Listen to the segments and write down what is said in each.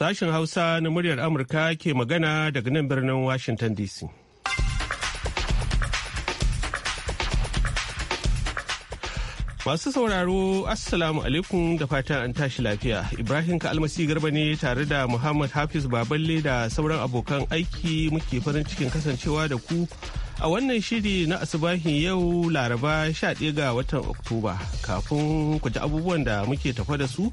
Sashen Hausa na muryar Amurka ke magana daga nan birnin Washington DC. Masu sauraro Assalamu alaikum da fatan an tashi lafiya. Ibrahim Kalmasi Garba ne tare da Muhammad Hafiz Baballe da sauran abokan aiki muke farin cikin kasancewa da ku a wannan shiri na asibahin yau Laraba 11 ga watan Oktoba. Kafin ku ji abubuwan da muke tafa da su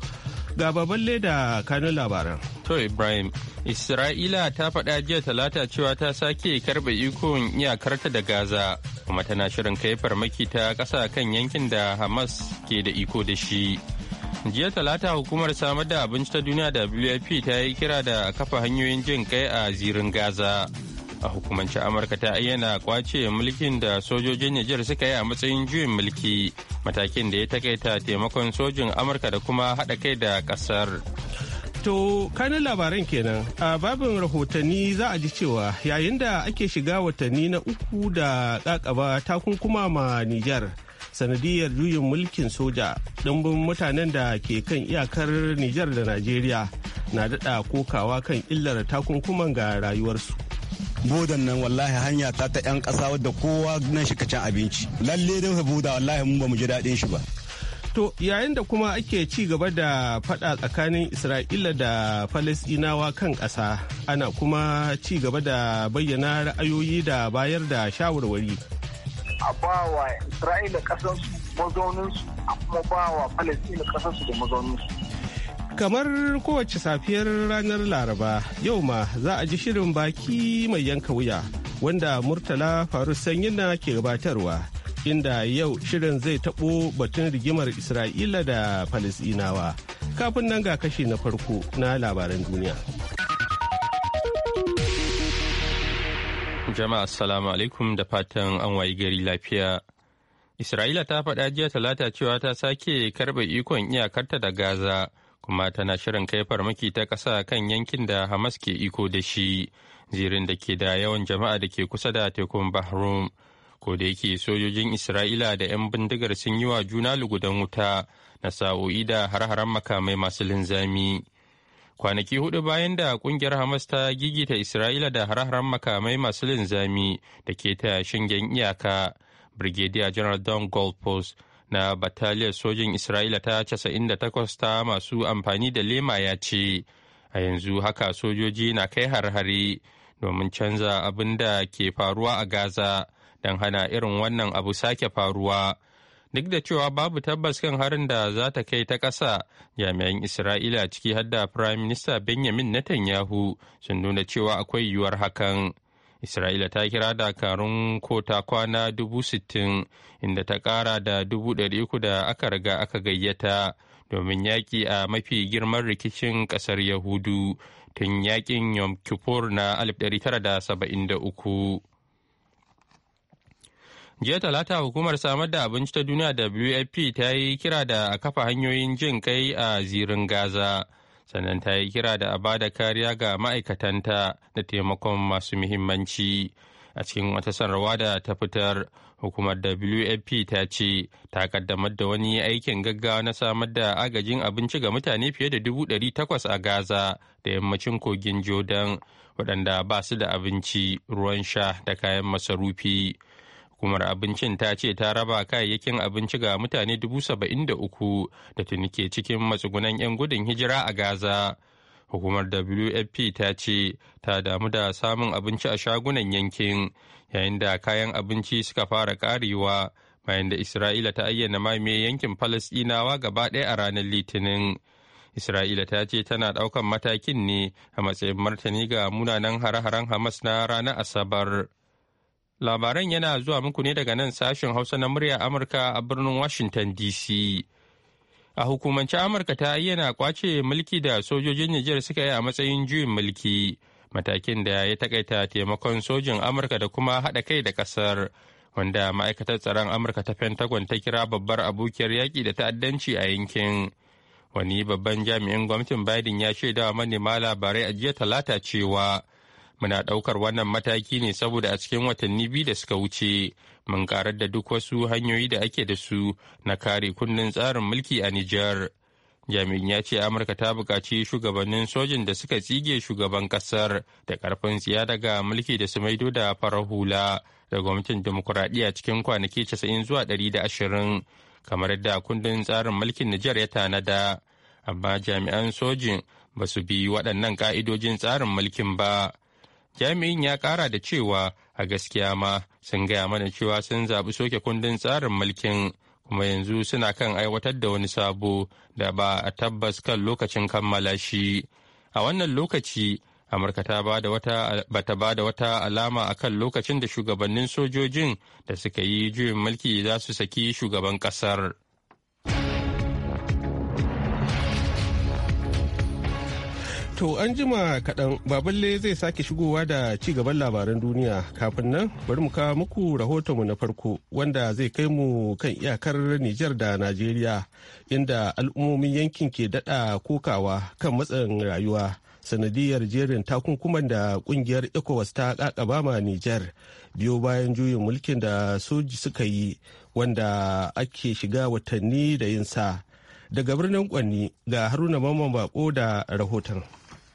Ga baban leda kanun labaran. To Ibrahim, Isra'ila ta faɗa jiya talata cewa ta sake karɓe ikon iyakarta da Gaza, kuma tana shirin kai farmaki ta ƙasa kan yankin da Hamas ke da iko da shi. jiya talata hukumar samar da abinci ta duniya da wfp ta yi kira da kafa hanyoyin jin kai a zirin gaza a hukumance amurka ta ayyana kwace mulkin da sojojin nijar suka yi a matsayin juyin mulki matakin da ya takaita taimakon sojin amurka da kuma haɗa kai da ƙasar to kanin labaran kenan a babin rahotanni za a ji cewa yayin da ake shiga watanni na uku da ƙaƙaba takunkuma ma nijar sanadiyar juyin mulkin soja Ɗumbin mutanen da ke kan iyakar nijar da najeriya na daɗa kokawa kan illar takunkuman ga rayuwarsu bodan nan wallahi hanya ta ta 'yan ƙasa wadda kowa nan shi kacin abinci lalle da buda wallahi mun ba mu ji daɗin shi ba To yayin da kuma ake ci gaba da fada tsakanin Isra'ila da Falasɗinawa kan ƙasa, ana kuma ci gaba da bayyana ra'ayoyi da bayar da shawarwari. A ba wa Isra'ila ƙasarsu mazauninsu, a kuma ba wa Falasɗina ƙasarsu da mazauninsu. Kamar kowace safiyar ranar Laraba, yau ma za a ji shirin baki mai yanka wuya wanda Murtala faru Sanyina ke gabatarwa, inda yau shirin zai taɓo batun rigimar Isra'ila da palestinawa Kafin nan ga kashi na farko na labaran duniya. Jama'a assalamu alaikum da fatan an wayi gari lafiya. Isra'ila ta faɗa jiya talata cewa ta sake karɓe ikon iyakarta da Gaza. kuma tana shirin kai farmaki ta ƙasa kan yankin da Hamas ke iko da shi, zirin da ke da yawan jama'a da ke kusa da tekun Bahrum. Ko da yake sojojin Isra'ila da 'yan bindigar sun yi wa juna lugudan wuta na sa'o'i da har-haren makamai masu linzami. kwanaki hudu bayan da kungiyar hamas ta gigita isra'ila da har-haren makamai masu linzami da ke ta shingen iyaka brigadier general don goldpost na bataliyar sojin Isra'ila ta 98 ta masu amfani da lema ya ce, a yanzu haka sojoji na kai har-hari domin canza abin da ke faruwa a Gaza don hana irin wannan abu sake faruwa. Duk da cewa babu tabbas kan harin da za ta kai ta ƙasa, jami'an Isra'ila ciki hadda Firayim Minista Benjamin Netanyahu sun nuna cewa akwai yiwuwar hakan. Isra'ila ta kira dakarun kota kwana dubu sittin inda ta ƙara da dubu ɗari da aka riga aka gayyata domin yaƙi a mafi girman rikicin ƙasar Yahudu tun yaƙin Yom Kippur na 1973. jiya talata hukumar samar da abinci ta duniya wfp ta yi kira da a kafa hanyoyin jin kai a zirin gaza sannan ta yi kira da a bada kariya ga ma'aikatanta da taimakon masu muhimmanci a cikin wata sanarwa da ta fitar hukumar wfp ta ce ta kaddamar da wani aikin gaggawa na samar da agajin abinci ga mutane fiye da dubu ɗari takwas a gaza da yammacin kogin jordan waɗanda ba su da abinci ruwan sha da kayan masarufi hukumar abincin ta ce ta raba kayayyakin abinci ga mutane dubu saba'in da uku da tuni ke cikin matsugunan 'yan gudun hijira a gaza hukumar wfp ta ce ta damu da samun abinci a shagunan yankin yayin da kayan abinci suka fara karewa bayan da isra'ila ta ayyana mamaye yankin falasɗinawa gaba ɗaya a ranar litinin Isra'ila ta ce tana ɗaukan matakin ne a matsayin martani ga munanan hare-haren Hamas na ranar Asabar. Labaran yana zuwa muku ne daga nan sashen Hausa na murya Amurka a birnin Washington DC. A hukumance Amurka ta yana kwace mulki da sojojin Nijar suka yi a matsayin juyin mulki, matakin da ya takaita taimakon sojin Amurka da kuma haɗa kai da ƙasar, wanda ma'aikatar tsaron Amurka ta Pentagon ta kira babbar abokiyar yaƙi da ta'addanci a yankin. Wani babban jami'in gwamnatin Biden ya shaidawa manema labarai a jiya talata cewa. Muna ɗaukar wannan mataki ne saboda a cikin watanni biyu da suka wuce mun karar da duk wasu hanyoyi da ake da su na kare kundin tsarin mulki a Nijar. Jami'in ya ce Amurka ta buƙaci shugabannin sojin da suka tsige shugaban ƙasar da ƙarfin tsiya daga mulki da su maido da farar hula da gwamnatin demokuraɗiyya cikin kwanaki 90 zuwa 120 kamar yadda kundin tsarin mulkin Nijar ya tanada. Amma jami'an sojin ba su bi waɗannan ƙa'idojin tsarin mulkin ba. jami'in ya kara da cewa a gaskiya ma sun gaya mana cewa sun zaɓi soke kundin tsarin mulkin kuma yanzu suna kan aiwatar da wani sabo da ba a tabbas kan lokacin kammala shi a wannan lokaci amurka ta ba da wata ba da wata alama akan lokacin da shugabannin sojojin da suka yi juyin mulki za su saki shugaban kasar To an jima kaɗan baballe zai sake shigowa da ci gaban labaran duniya kafin nan bari mu kawo muku rahotonmu na farko wanda zai kai mu kan iyakar Nijar da Najeriya inda al'ummomin yankin ke daɗa kokawa kan matsayin rayuwa sanadiyar jerin takunkuman da kungiyar ECOWAS ta kakaba ma Nijar biyo bayan juyin mulkin da soji suka yi wanda ake shiga watanni da yinsa. Daga birnin Kwanni ga Haruna Mamman Bako da rahoton.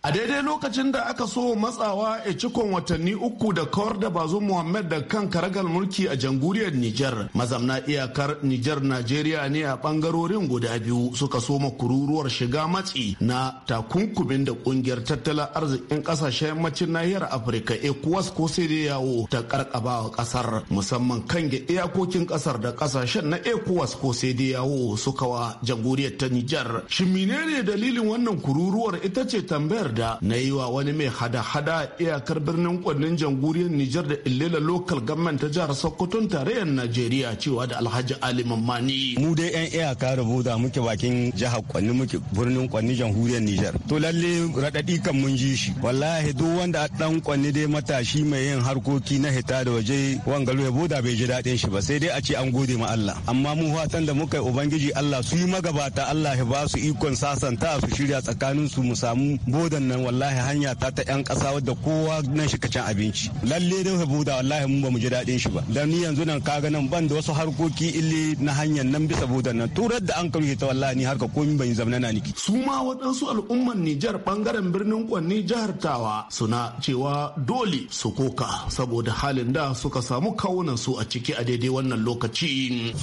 a daidai lokacin da aka so matsawa a cikon watanni uku da kawar da bazu muhammad da kan karagar mulki a jamhuriyar niger mazamna iyakar nijar najeriya ne a bangarorin guda biyu suka soma kururuwar shiga matsi na takunkumin da kungiyar tattalin arzikin kasashen yammacin nahiyar afirka ecowas ko sai da yawo ta karkabawa wa kasar musamman kan iyakokin kasar da kasashen na ecowas ko sai da yawo suka wa jamhuriyar ta Nijar. shin menene dalilin wannan kururuwar ita ce tambayar da na yi wa wani mai hada-hada iyakar birnin kwannin jamhuriyar Nijar da Illela lokal Government ta jihar Sokoto tarayyar Najeriya cewa da Alhaji Ali Mammani. Mu dai 'yan iyaka da muke bakin jihar kwanin muke birnin kwanin jamhuriyar Nijar. To lalle raɗaɗi kan mun ji shi. Wallahi duk wanda a ɗan Kwanni dai matashi mai yin harkoki na hita da waje wangalo ya boda bai ji daɗin shi ba sai dai a ce an gode ma Allah. Amma mu fatan da muka yi Ubangiji Allah su yi magabata Allah ya ba su ikon sasanta su shirya tsakanin su mu samu boda. nan wallahi hanya ta ta yan kasa wadda kowa nan shi kacin abinci lalle dai saboda wallahi mun bamu ji dadin shi ba dan ni yanzu nan kaga nan ban da wasu harkoki illi na hanyar nan bisa saboda nan turar da an karye ta wallahi ni harka komai ban zama na niki su ma waɗansu al'umman Nijar bangaren birnin Kwanni jihar Tawa suna cewa dole su koka saboda halin da suka samu kawunan su a ciki a daidai wannan lokaci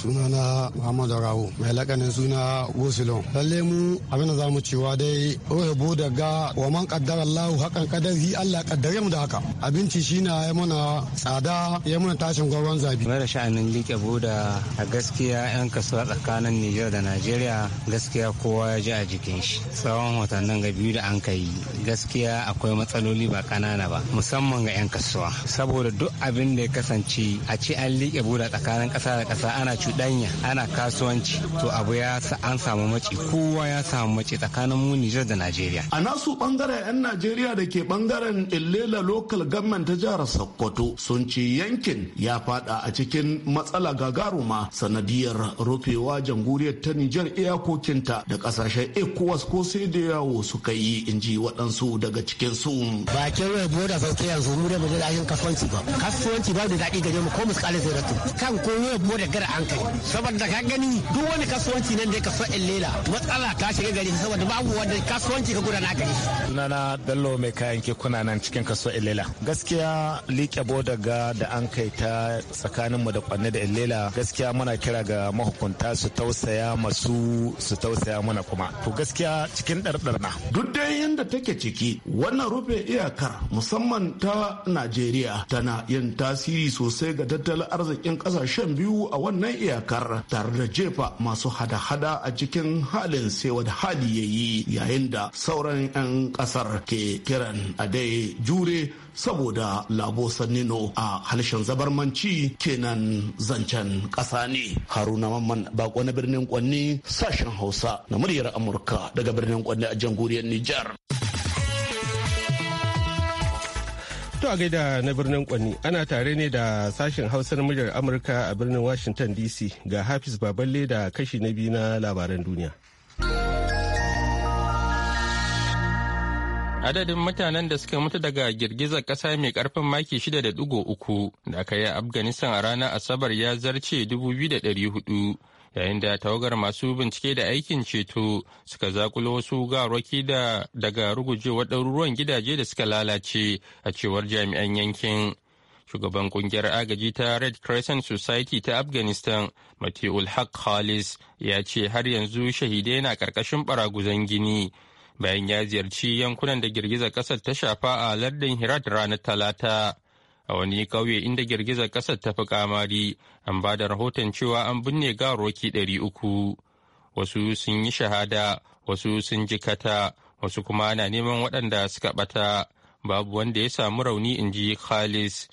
sunana Muhammadu Rawo mai lakanin suna Wosilon lalle mu abin da zamu cewa dai ohe ga man kaddara Allahu hakan kadari Allah kaddare mu da haka abinci shi na ya mana tsada ya mana tashin gwarwan zabi mara sha'anin like buda a gaskiya yan kasuwa tsakanin Niger da Najeriya gaskiya kowa ya ji a jikin shi tsawon watannin ga biyu da an kai gaskiya akwai matsaloli ba kanana ba musamman ga yan kasuwa saboda duk abin da ya kasance a ce an like buda tsakanin kasa da kasa ana cuɗanya ana kasuwanci to abu ya an samu maci kowa ya samu maci tsakanin mu Niger da Najeriya a nasu bangaren 'yan najeriya da ke bangaren illela local government ta jihar sokoto sun ce yankin ya fada a cikin matsala gagaruma sanadiyar rufewa janguriyar ta nijar iyakokinta da kasashen ecowas ko sai da yawo suka yi in ji waɗansu daga cikin su bakin rai boda sauke yanzu mu da mu da yin kasuwanci ba kasuwanci ba da daɗi ga mu ko mu kalin zai ratu kan ko rai boda gara an kai saboda ka gani duk wani kasuwanci nan da ya kaso illela matsala ta shiga gari saboda babu wanda kasuwanci ka gudana gari sunana bello mai kayan kekuna nan cikin kaso ilela gaskiya liƙe ga da an kai ta tsakanin mu da kwanne da ilela gaskiya muna kira ga mahukunta su tausaya masu su tausaya mana kuma to gaskiya cikin ɗarɗarna duk dai yadda take ciki wannan rufe iyakar musamman ta najeriya tana yin tasiri sosai ga tattalin arzikin ƙasashen biyu a wannan iyakar tare da jefa masu hada-hada a cikin halin sewa da hali yayi yayin da sauran 'yan kasar ke kiran a dai jure saboda labo sannino a harshen zabarmanci kenan zancen kasa ne haruna mamman bako na birnin kwanni sashen hausa na muryar amurka daga birnin kwanni a jamhuriyar nijar To a gaida na birnin Kwanni ana tare ne da sashen Hausa muryar Amurka a birnin Washington DC ga Hafiz Baballe da kashi na biyu na labaran duniya. Adadin mutanen da suka mutu daga girgizar ƙasa mai karfin maki 6.3 da aka yi a Afghanistan a ranar Asabar ya zarce 2,400 yayin da tawagar masu bincike da aikin ceto suka zakulo wasu garwaki da daga rugujewar ɗaruruwan gidaje da suka lalace a cewar jami'an yankin. Shugaban kungiyar agaji ta Red Crescent Society ta Afghanistan, Mati'ul Haq Khalis, ya ce har yanzu shahidai na ƙarƙashin baraguzan gini. bayan ya ziyarci yankunan da girgizar ƙasar ta shafa a lardin Herat ranar Talata. A wani ƙauye inda girgizar ƙasar ta fi kamari, an ba da rahoton cewa an binne garoki ɗari uku. Wasu sun yi shahada, wasu sun jikata, wasu kuma na neman waɗanda suka ɓata. Babu wanda ya samu rauni in ji Khalis.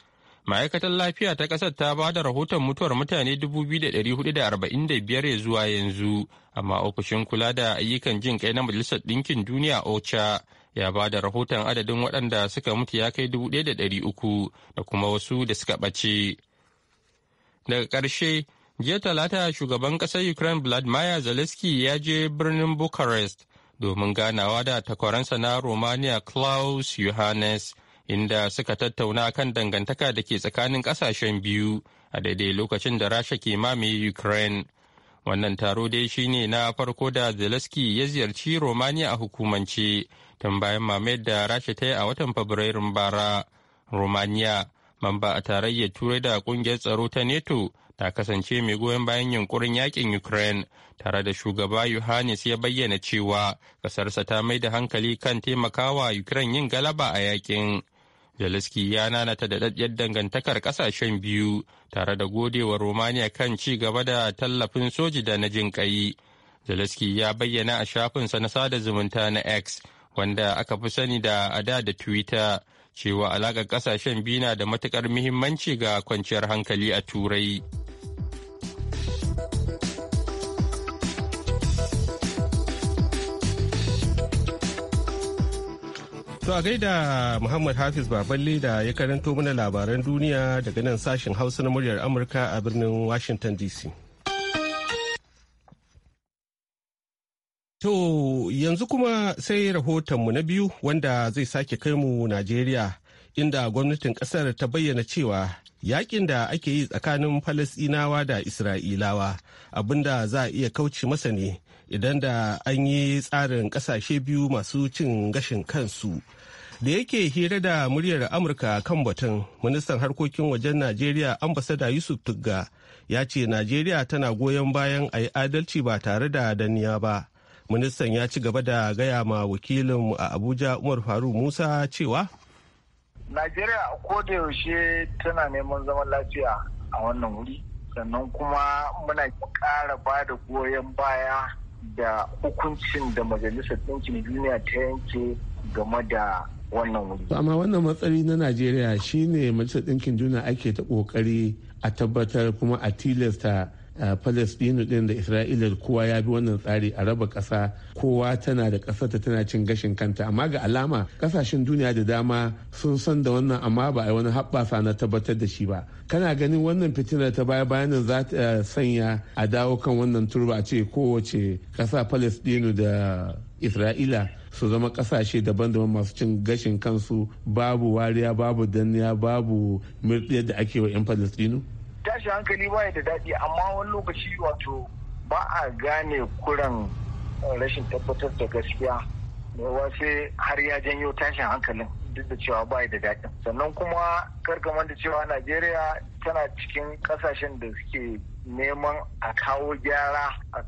ma'aikatar lafiya ta ƙasar ta ba da rahoton mutuwar mutane 2,445 zuwa yanzu amma ofishin kula da ayyukan jin kai na majalisar ɗinkin duniya ocha ya ba da rahoton adadin waɗanda suka mutu ya kai 1,300 da kuma wasu da suka ɓace daga ƙarshe jiya talata shugaban ƙasar ukraine vladimir zaleski ya je birnin bucharest domin ganawa da takwaransa na romania klaus yohannes inda suka tattauna kan dangantaka da ke tsakanin kasashen biyu a daidai lokacin da rasha ke mamaye ukraine wannan taro dai shine na farko da zelensky ya ziyarci romania a hukumance tun bayan mamayar da rasha ta yi a watan fabrairun bara romania mamba a tarayyar turai da kungiyar tsaro ta neto ta kasance mai goyon bayan yunkurin yakin ukraine tare da shugaba yohannes ya bayyana cewa kasarsa ta mai da hankali kan taimakawa ukraine yin galaba a yakin Zelensky ya nanata da daɗaɗɗiyar dangantakar ƙasashen biyu tare da godewa Romania kan ci gaba da tallafin soji da na jinƙayi. Zelensky ya bayyana a shafinsa na sada zumunta na X wanda aka fi sani da ada da Twitter cewa alaƙar ƙasashen biyu na da matuƙar muhimmanci ga kwanciyar hankali a Turai. To a gaida Muhammad Hafiz Baballe da ya karanto mana labaran duniya daga nan sashen Hausa na muryar Amurka a birnin Washington DC. To yanzu kuma sai rahotonmu na biyu wanda zai sake kai mu Najeriya inda gwamnatin kasar ta bayyana cewa yakin da ake yi tsakanin Falasɗinawa da Isra'ilawa abinda za a iya kauce masa ne idan da an yi tsarin kasashe biyu masu cin gashin kansu. da yake hira da muryar amurka kan batun ministan harkokin wajen najeriya ambasada yusuf tugga ya ce najeriya tana goyon bayan a yi adalci ba tare da danniya ba ministan ya ci gaba da gaya ma wakilinmu a abuja umar faru musa cewa najeriya da yaushe tana neman zaman lafiya a wannan wuri sannan kuma muna ƙara ba da goyon baya da hukuncin da majalisar ɗinkin duniya ta yanke game da wannan wuri. amma wannan matsayi na najeriya shine majalisar ɗinkin duniya ake ta ƙoƙari a tabbatar kuma a tilasta palestinu din da isra'ila kowa ya bi wannan tsari a raba kasa kowa tana da ƙasarta tana cin gashin kanta amma ga alama ƙasashen duniya da dama sun san da wannan amma ba a yi wani haɓɓasa na tabbatar da shi ba kana ganin wannan fitinar ta baya bayan nan za ta sanya a dawo kan wannan turba a ce kowace kasa palestinu da isra'ila su zama kasashe daban-daban masu cin gashin kansu babu wariya babu danniya babu murɗiyar da ake wa 'yan palestinu tashin hankali ba da daɗi amma wani lokaci wato ba a gane kuran rashin tabbatar da gaskiya yawa sai har ya janyo tashin hankalin duk da cewa ba da daɗi. sannan kuma karkamar da cewa najeriya tana cikin ƙasashen da suke neman a kawo gyara a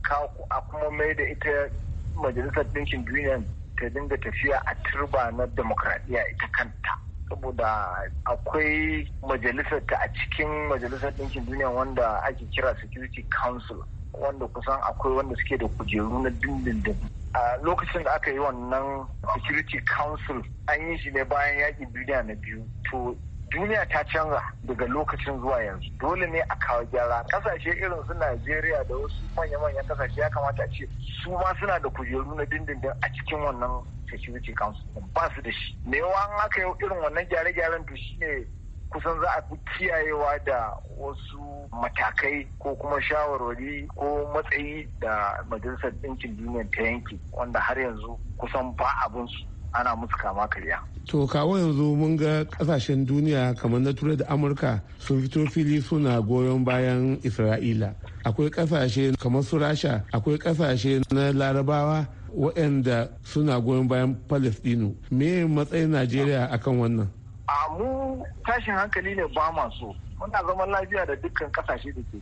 a kuma mai da ita majalisar ɗinkin duniya ta dinga tafiya a turba na demokradiyya ita kanta saboda akwai majalisar ta a cikin majalisar ɗinkin duniya wanda ake kira security council wanda kusan akwai wanda suke da kujeru na dindindin a lokacin da aka yi wannan security council an yi shi ne bayan yakin duniya na biyu to duniya ta canza daga lokacin zuwa yanzu dole ne a kawo gyara kasashe irin su najeriya da wasu manya-manyan kasashe ya kamata a ce su ma suna da kujeru na dindindin a cikin wannan security council ba su da shi me yawa an haka yau irin wannan gyare-gyaren to shine kusan za a fi kiyayewa da wasu matakai ko kuma shawarwari ko matsayi da majalisar ɗinkin duniya ta yanki wanda har yanzu kusan ba abinsu ana musu kama karya. To kawo yanzu mun ga kasashen duniya kamar na turai da Amurka sun fito fili suna goyon bayan Isra'ila. Akwai kasashe kamar su Rasha, akwai kasashe na Larabawa waɗanda suna goyon bayan Palestinu. Me matsayin Najeriya akan wannan? A mu tashin hankali ne ba masu. Muna zaman lafiya da dukkan kasashe da ke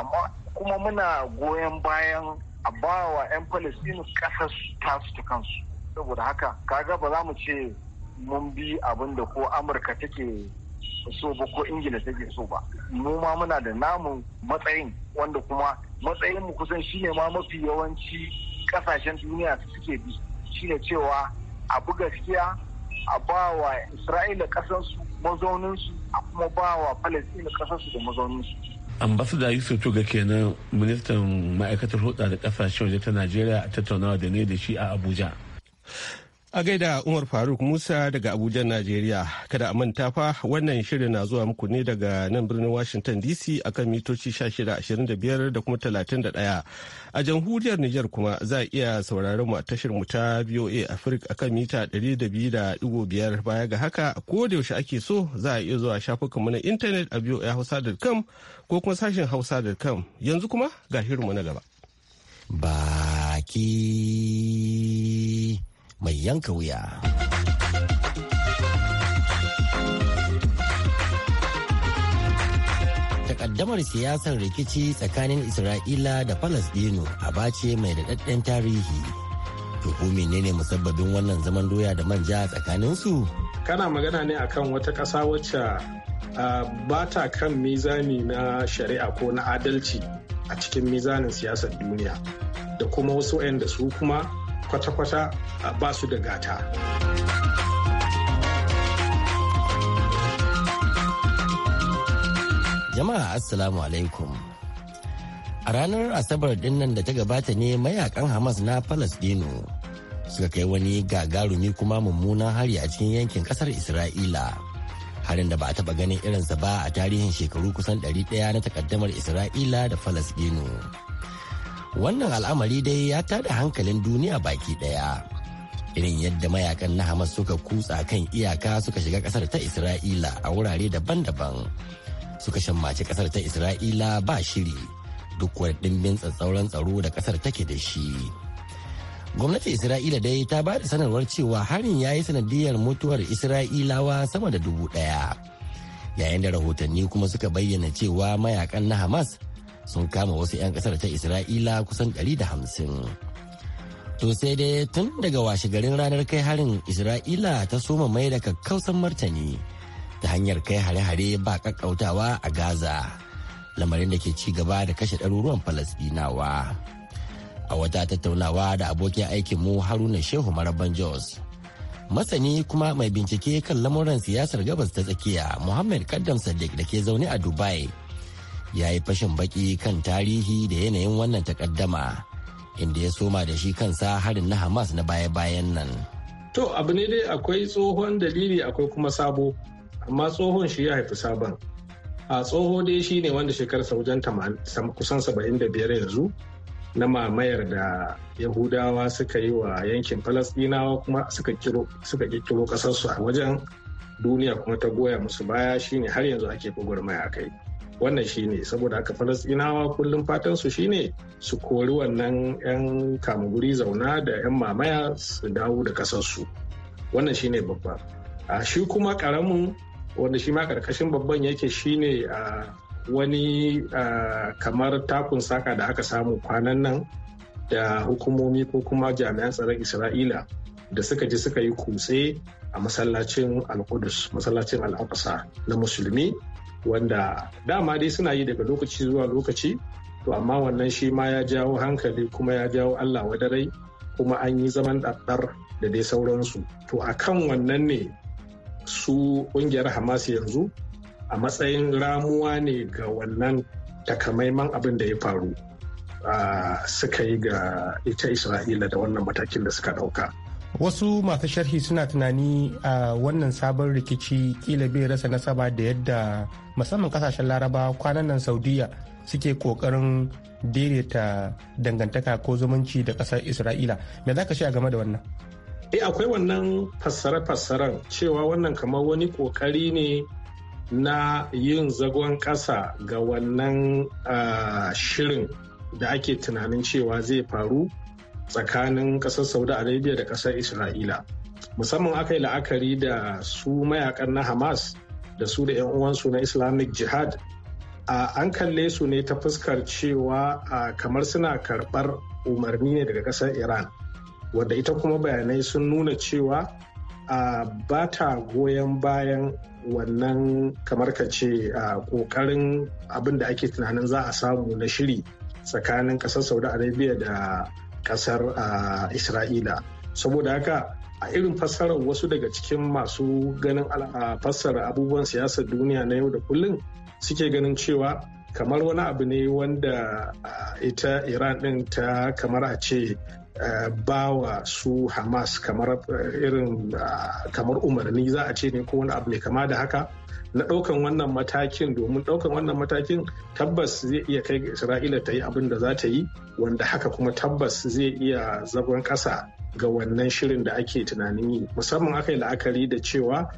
amma kuma muna goyon bayan a bawa 'yan Palestinu kasar tasu ta kansu. saboda haka kaga ba za mu ce mun bi abin da ko amurka take so ba ko ingila take so ba mu ma muna da namun matsayin wanda kuma matsayin mu kusan shine ma mafi yawanci kasashen duniya suke bi shine cewa a buga gaskiya a ba wa isra'ila kasansu mazauninsu a kuma ba wa palestina kasansu da mazauninsu ambasada yusuf tuga kenan ministan ma'aikatar hulɗa da kasashen waje ta najeriya a tattaunawa da ne da shi a abuja A gaida Umar Faruk Musa daga Abuja, Najeriya. Kada a manta fa wannan shirin na zuwa muku ne daga nan birnin Washington DC akan mitoci 1625 da kuma 31. A jamhuriyar Nijar kuma za a iya sauraron mu a tashar mu ta VOA Africa akan mita 200.5 baya ga haka ko da yaushe ake so za a iya zuwa shafukanmu na intanet a voahausa.com ko kuma sashin hausa.com. Yanzu kuma ga shirinmu na gaba. Baki mai yanka wuya. Takaddamar siyasar rikici tsakanin Isra'ila da Falasdino a ce mai daɗaɗɗen tarihi. to ne ne musabbabin wannan zaman doya da manja tsakaninsu? kana magana ne akan wata ƙasa wacce ba ta kan mizani na shari'a ko na adalci a cikin mizanin siyasar duniya da kuma wasu da su kuma kwata-kwata ah, ba su da gata. Jama'a Assalamu alaikum. A ranar Asabar dinnan da ta gabata ne mayakan Hamas na Palestino suka kai wani gagarumi kuma mummunan hari a cikin yankin kasar Isra'ila. Harin da ba a taba ganin irinsa ba a tarihin shekaru kusan 100 na takaddamar Isra'ila da Falasdino. wannan al'amari dai ya tada hankalin duniya baki daya irin yadda mayakan na hamas suka kutsa kan iyaka suka shiga kasar ta isra'ila a wurare daban-daban suka shammaci kasar ta isra'ila ba shiri duk wani dimbin tsatsauran tsaro da kasar take da shi Gwamnati isra'ila dai ta ba da sanarwar cewa harin ya yi sanadiyar mutuwar isra'ilawa sama da dubu daya yayin da rahotanni kuma suka bayyana cewa mayakan na hamas sun kama wasu 'yan kasar ta isra'ila kusan 150 to sai dai tun daga washe garin ranar kai harin isra'ila ta soma mai da kakkausan martani ta hanyar kai hare-hare ba kakkautawa a gaza lamarin da ke ci gaba da kashe ɗaruruwan falasɗinawa a wata tattaunawa da abokin aikin aikinmu haruna shehu maraban jos masani kuma mai bincike kan lamuran siyasar gabas ta tsakiya muhammad kaddam sadiq da ke zaune a dubai ya yi fashin baki kan tarihi da yanayin wannan takaddama inda ya soma da shi kansa harin na hamas na baya-bayan nan to abu ne dai akwai tsohon dalili akwai kuma sabo amma tsohon shi ya haifi sabon a tsoho dai shi ne wanda shekarsa wajen kusan 75 yanzu na mamayar da yahudawa suka yi wa yankin falasdinawa kuma suka kirkiro kasarsu a wajen duniya kuma ta goya musu baya shine har yanzu ake gwagwarmaya a kai wannan shi ne saboda haka falasɗinawa kullum fatan su shi ne su kori wannan 'yan kamuguri zauna da 'yan mamaya su dawo da kasarsu wannan shi ne babba a shi kuma karamin wanda shi ma karkashin babban yake shine a wani kamar takun saka da aka samu kwanan nan da hukumomi ko kuma jami'an tsaron isra'ila da suka ji suka yi kutse a masallacin al masallacin al na musulmi wanda dama dai suna yi daga lokaci zuwa lokaci to amma wannan shi ma ya jawo hankali kuma ya jawo allah wadarai kuma an yi zaman ɗaɗɗar da dai sauransu to a kan wannan ne su ƙungiyar hamas yanzu a matsayin ramuwa ne ga wannan takamaiman abin da ya faru ah, suka yi ga ita isra'ila da wannan matakin da suka ɗauka wasu masu sharhi suna tunani a wannan sabon rikici kila bai rasa nasaba da yadda musamman kasashen laraba kwanan nan saudiya suke kokarin daidaita dangantaka ko zumunci da kasar isra'ila me za ka a game da wannan e akwai wannan fassare-fassaren cewa wannan kamar wani kokari ne na yin zagon kasa ga wannan shirin da ake tunanin cewa zai faru tsakanin kasar saudi arabia da kasar isra'ila musamman aka yi la'akari da su mayakan na hamas da su da 'yan uwansu na islamic jihad an kalle su ne ta fuskar cewa kamar suna karbar umarni ne daga kasar iran wadda ita kuma bayanai sun nuna cewa ba ta goyon bayan wannan kamar ka ce kokarin abin da ake tunanin za a samu na shiri tsakanin kasar saudi arabia da kasar isra'ila saboda haka a irin fassarar wasu daga cikin masu ganin fassara abubuwan siyasar duniya na yau da kullum suke ganin cewa kamar wani abu ne wanda ita iran din ta kamar a ce ba wa su hamas kamar irin kamar umarni za a ce ne ko wani abu ne kama da haka na ɗaukan wannan matakin domin ɗaukan wannan matakin tabbas zai iya kai ga isra'ila ta yi abin da za ta yi wanda haka kuma tabbas zai iya zagon ƙasa ga wannan shirin da ake tunanin yi musamman aka yi la'akari da cewa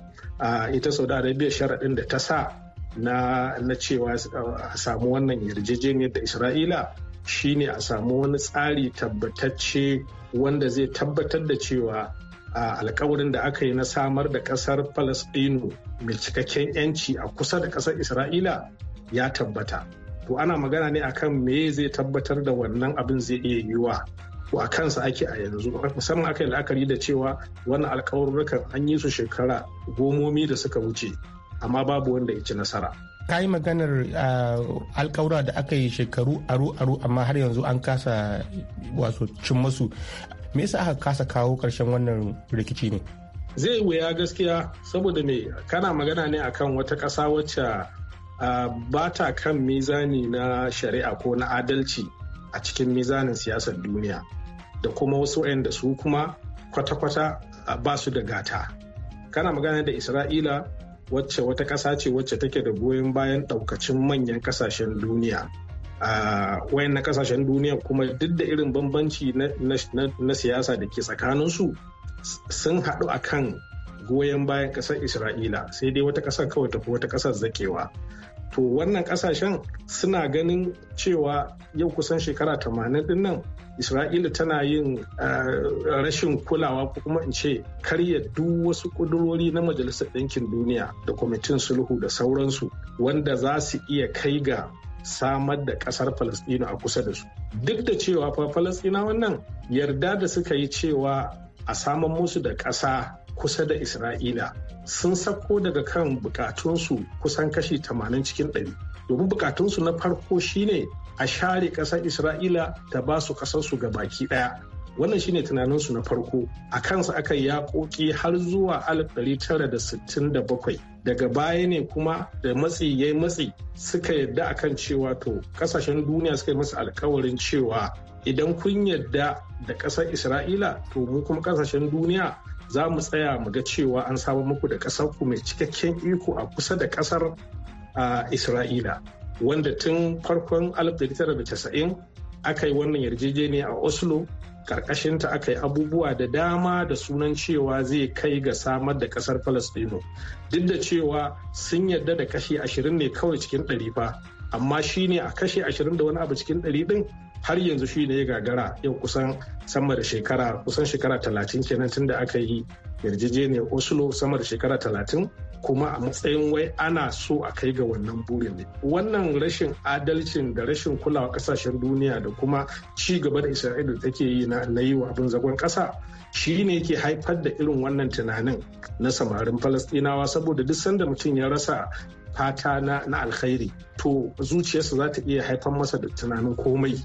ita saudi arabia sharaɗin da ta sa na, na cewa a samu wannan yarjejeniyar da isra'ila shine a samu wani tsari tabbatacce wanda zai tabbatar da cewa a alkawarin da aka yi na samar da ƙasar falasɗinu mai cikakken 'yanci a kusa da ƙasar isra'ila ya tabbata to ana magana ne akan me zai tabbatar da wannan abin zai iya yiwuwa to a kansa ake a yanzu musamman aka yi la'akari da cewa wannan alkawarurrukan an yi su shekara gomomi da suka wuce amma babu wanda ya ci nasara ka yi maganar alkawura da aka yi shekaru aru-aru amma har yanzu an kasa wato cin masu me yasa aka kasa kawo ƙarshen wannan rikici ne zai wuya gaskiya saboda me kana magana ne akan wata ƙasa wacce ba ta kan mizani na shari'a ko na adalci a cikin mizanin siyasar duniya da kuma wasu da su kuma kwata-kwata ba su da gata kana magana da isra'ila wacce wata ƙasa ce wacce take da goyon bayan ɗaukacin manyan ƙasashen duniya wayan na ƙasashen duniya kuma duk da irin bambanci na siyasa da ke tsakaninsu sun haɗu a kan goyon bayan ƙasar isra'ila sai dai wata ƙasar kawai tafi wata ƙasar zakewa to wannan ƙasashen suna ganin cewa yau kusan shekara tamanin din nan isra'ila tana yin eh, rashin kulawa ko kuma in ce karya duk wasu ƙudurori na majalisar ɗinkin duniya da kwamitin sulhu da sauransu wanda za su iya kai ga samar da ƙasar Falasɗinu a kusa da su. Duk da cewa fa Falasɗina wannan yarda da suka yi cewa a saman musu da ƙasa kusa da isra'ila sun sako daga kan bukatunsu kusan kashi 80 cikin ɗari domin bukatunsu na farko shine a share ƙasar isra'ila ta ba su ƙasarsu ga baki ɗaya wannan shine tunaninsu na farko a kansa aka koki har zuwa 1967 daga baya ne kuma da matsi ya yi matsi suka yadda akan cewa to kasashen duniya suka yi masa alkawarin cewa idan kun yadda da ƙasar isra'ila to mu kuma kasashen duniya za mu tsaya mu ga cewa an samu muku da ƙasar ku mai cikakken iko a kusa da ƙasar isra'ila wanda tun farkon 1990 aka yi wannan yarjejeniya a oslo karkashinta aka yi abubuwa da dama da sunan cewa zai kai ga samar da kasar palestino duk da cewa sun yarda da kashi ashirin ne kawai cikin ɗari fa amma shi ne a kashe ashirin da wani abu cikin ɗari ɗin har yanzu shi ne ya gagara yau kusan sama da shekara kusan shekara talatin kenan tun da aka yi yarjejeniyar oslo sama da shekara talatin kuma a matsayin wai ana so a kai ga wannan burin ne wannan rashin adalcin da rashin kulawa kasashen duniya da kuma ci gaba da isra'ila take yi na yi wa abin zagon kasa shi ne ke haifar da irin wannan tunanin na samarin falastinawa saboda duk sanda mutum ya rasa fata na alkhairi to zuciyarsa za ta iya haifar masa da tunanin komai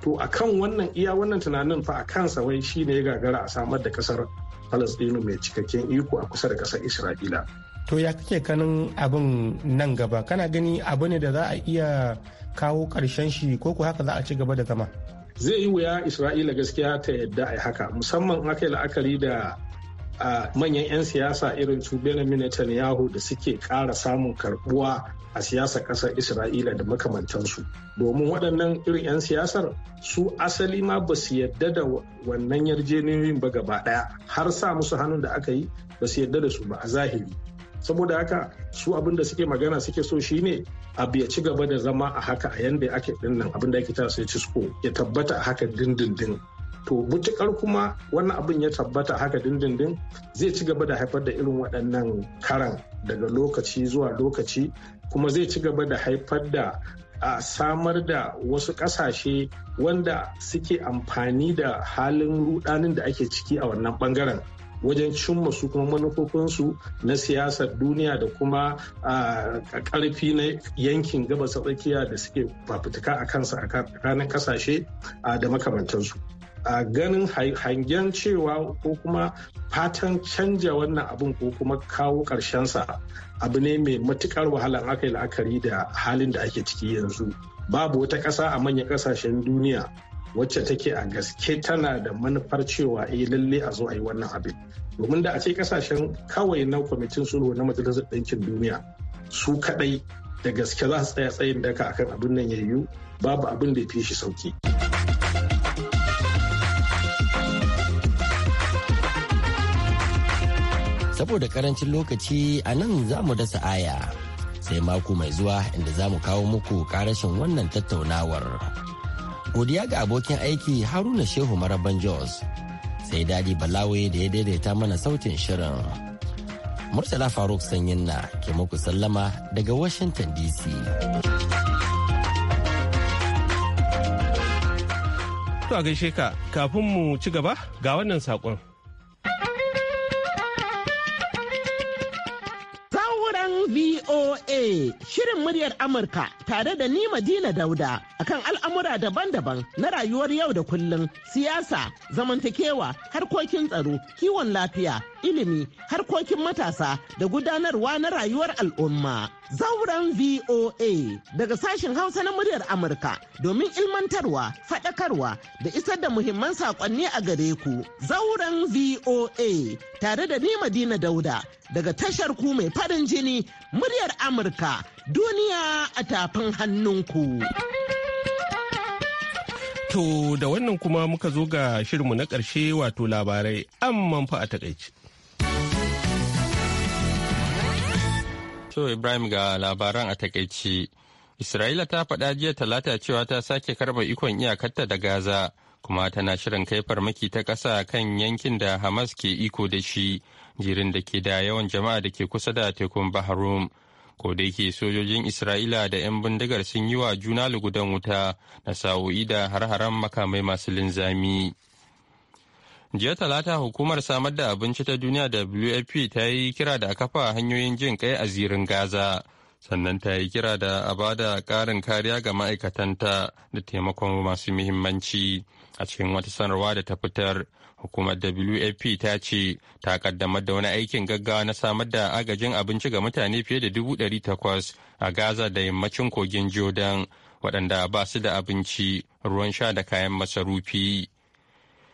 to a kan wannan iya wannan tunanin fa a kansa wai shi ne ya gagara a samar da kasar palestino mai cikakken iko a kusa da kasar isra'ila to ya kake kanin abin nan gaba kana gani abu ne da za a iya kawo karshen shi ko ku haka za a ci gaba da zama zai yi wuya isra'ila gaskiya ta yadda a haka musamman aka yi la'akari da a manyan 'yan siyasa irin su Benjamin Netanyahu da suke ƙara samun karbuwa a siyasa ƙasar Isra'ila da makamantansu. Domin waɗannan irin 'yan siyasar su asali ma ba su yadda da wannan yarjejeniyoyin ba gaba ɗaya har sa musu hannun da aka yi ba su yadda da su ba a zahiri. saboda haka su abin da suke magana suke so shi ne abu ya ci gaba da zama a haka a yanda ake dinnan abin da ake tara sai cisko ya tabbata a haka dindindin to mutukar kuma wannan abin ya tabbata haka dindindin zai ci gaba da haifar da irin waɗannan karan daga lokaci zuwa lokaci kuma zai ci gaba da haifar da a samar da wasu ƙasashe wanda suke amfani da halin rudanin da ake ciki a wannan bangaren wajen cimma su kuma manufofinsu na siyasar duniya da kuma a ƙarfi na yankin gabas tsakiya da suke fafutuka a kansa a ranar kasashe da makamantansu. a ganin hangen cewa ko kuma fatan canja wannan abin ko kuma kawo sa abu ne mai matukar wahala aka yi la'akari da halin da ake ciki yanzu babu wata ƙasa a manyan ƙasashen duniya wacce take a gaske tana da manufar cewa eh lalle a zo a yi wannan abin domin da a ce ƙasashen kawai na kwamitin sulhu na majalisar ɗinkin duniya su kadai da gaske za su tsaya tsayin daka akan abin nan yayyu babu abin da ya fi shi sauki. saboda karancin lokaci a nan za mu dasa aya sai mako mai zuwa inda za mu kawo muku karashin wannan tattaunawar godiya ga abokin aiki haruna shehu maraban jos sai dadi balawe da ya daidaita mana sautin shirin murtala faruk sanyin na ke muku sallama daga washington dc to a gaishe ka kafin mu ci gaba ga wannan saƙon shirin muryar Amurka tare da ni Madina Dauda akan al'amura daban-daban na rayuwar yau da kullum siyasa, zamantakewa, harkokin tsaro, kiwon lafiya, ilimi, harkokin matasa da gudanarwa na rayuwar al'umma. zauren VOA daga sashen Hausa na muryar Amurka domin ilmantarwa, faɗakarwa da isar da muhimman saƙonni a gare ku. Zauren VOA tare da ni Madina Dauda daga tashar ku mai farin jini muryar Amurka duniya a tafin hannunku. To da wannan kuma muka zo ga shirinmu na ƙarshe wato labarai amma fa a takaici. So Ibrahim ga labaran a takaici. Isra'ila ta faɗa jiya talata cewa ta sake karɓa ikon iyakarta da Gaza kuma tana shirin kai farmaki ta ƙasa kan yankin da Hamas ke iko da shi jirin da ke da yawan jama'a da ke kusa da tekun Bahrum. Ko da yake sojojin Isra'ila da 'yan bindigar sun yi wa juna lugudan wuta na sa'o'i da har-haren makamai masu linzami. jiya talata hukumar samar da abinci ta duniya wfp ta yi kira da a kafa hanyoyin jin kai a zirin gaza sannan ta yi kira da a ba da ƙarin kariya ga ma'aikatanta da taimakon masu muhimmanci a cikin wata sanarwa da ta fitar hukumar wfp ta ce ta kaddamar da wani aikin gaggawa na samar da agajin abinci ga mutane fiye da dubu ɗari takwas a gaza da yammacin kogin jordan waɗanda ba su da abinci ruwan sha da kayan masarufi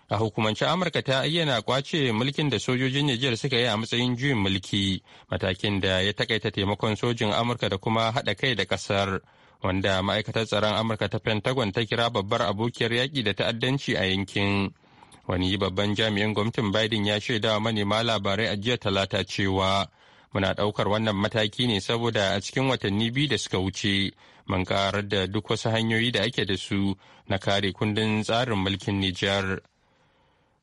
A hukumance Amurka ta ayyana kwace mulkin da sojojin Nijar suka yi a matsayin juyin mulki, matakin da ya takaita taimakon sojin Amurka da kuma haɗa kai da ƙasar, wanda ma'aikatar tsaron Amurka ta Pentagon ta kira babbar abokiyar yaƙi da ta'addanci a yankin. Wani babban jami'in gwamnatin Biden ya shaida manema labarai a jiya talata cewa muna ɗaukar wannan mataki ne saboda a cikin watanni biyu da suka wuce mun karar da duk wasu hanyoyi da ake da su na kare kundin tsarin mulkin Nijar.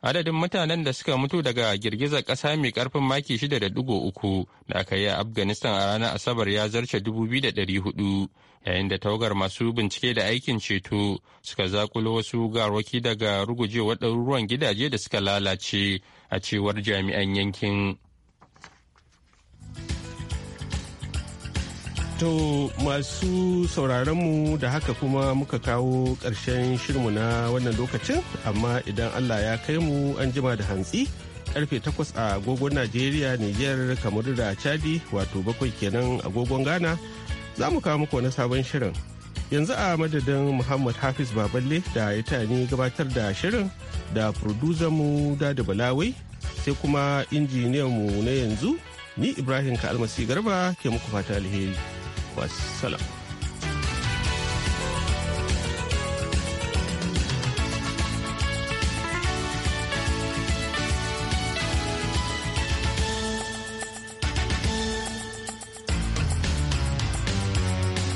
adadin mutanen da suka mutu daga girgizar ƙasa mai ƙarfin maki 6.3 da aka yi a afghanistan a ranar asabar ya zarce 2,400 yayin da tawagar masu bincike da aikin ceto suka zakulo wasu garwaki daga rugujewar ɗaruruwan gidaje da suka lalace a cewar jami'an yankin. To masu sauraronmu da haka kuma muka kawo ƙarshen shirmu na wannan lokacin amma idan Allah ya kai mu an jima da hantsi karfe 8 a agogon Najeriya, Nijar, kamar da Chadi wato bakwai kenan agogon Ghana za mu kawo muku wani sabon shirin. Yanzu a madadin Muhammad Hafiz Baballe da ya ni gabatar da shirin da mu Dada Balawai sai kuma injiniyanmu na yanzu ni Ibrahim Ka'almasi Garba ke muku fata alheri. Wassalam.